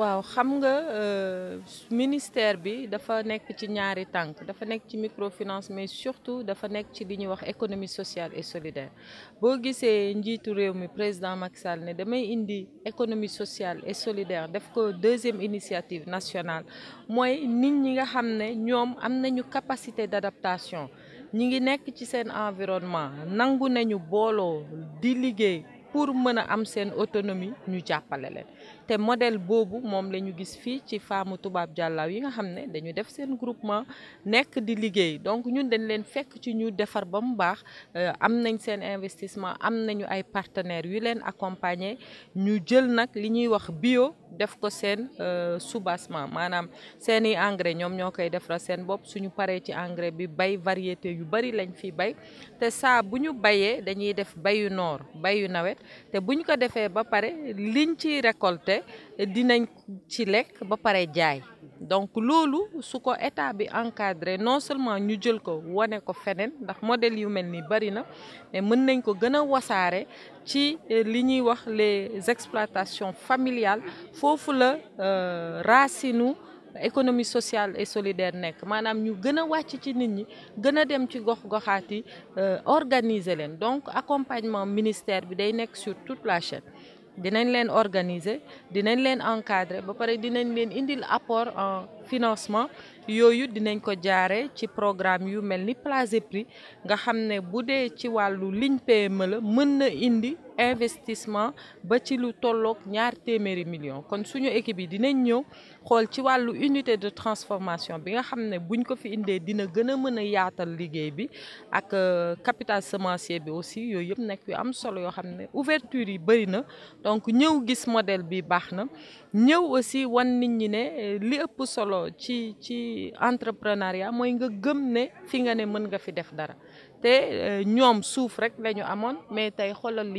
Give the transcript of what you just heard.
waaw xam nga euh, ministère bi dafa nek ci ñaari tank. dafa nek ci microfinance mais surtout dafa économies ci économie sociale et solidaire boo gisee njiitu président Maxal Sall ne damay indi économie sociale et solidaire def ko deuxième initiative nationale Moi, nit ñi nga xam une capacité d'adaptation ñi ngi nekk ci seen environnement nangu nañu bolo di pour mën a am seen autonomie ñu jàppale leen te modèle boobu moom la ñu gis fii ci faamu tubaab jàllaaw yi nga xam ne dañu def seen groupement nekk di liggéey donc ñun dañ leen fekk ci ñu defar ba mu baax euh, am nañ seen investissement am nañu ay partenaires yu leen accompagner ñu jël nag li ñuy wax bio def ko seen euh, soubassement maanaam seeni engrais ñoom ñoo koy defar seen bopp suñu paree ci engrais bi bay variété yu bari lañ fi bay te saa bu ñu bayee dañuy def bayu noor bayu nawet te buñ ko defee ba pare liñ ci récolté dinañ ci lekk ba pare jaay donc loolu su ko état bi encadré non seulement ñu jël ko wane ko fenen, ndax modèle yu mel ni bari na mais mën nañ ko gëna wasare, ci euh, li ñuy wax les exploitations familiales fofu la euh, racinu économie sociale et solidaire nek. manam ñu gëna wacc ci nit ñi gëna dem ci gox goxati euh organiser len donc accompagnement ministère bi day nek sur toute la chaîne dinañ leen organiser dinañ leen encadrer ba pare dinañ leen indil apport en financement yooyu dinañ ko jaare ci programme yu mel ni Plasépris nga xam ne bu dee ci wàllu ligne PME la mën na indi investissement ba ci lu tolloog ñaar téeméeri million kon suñu équipe yi dinañ ñëw xool ci wàllu unité de transformation bi nga xam ne buñ ko fi indee dina gën a mën a yaatal liggéey bi ak euh, capital semencier bi aussi yooyu yëpp nekk yu am solo yoo xam ne ouverture yi bëri na donc ñëw gis modèle bi baax na ñëw aussi wan nit ñi ne euh, li ëpp solo ci ci entrepreneuriat mooy nga gëm ne fi nga ne mën nga fi def dara te euh, ñoom suuf rek la amoon mais tey xoolal li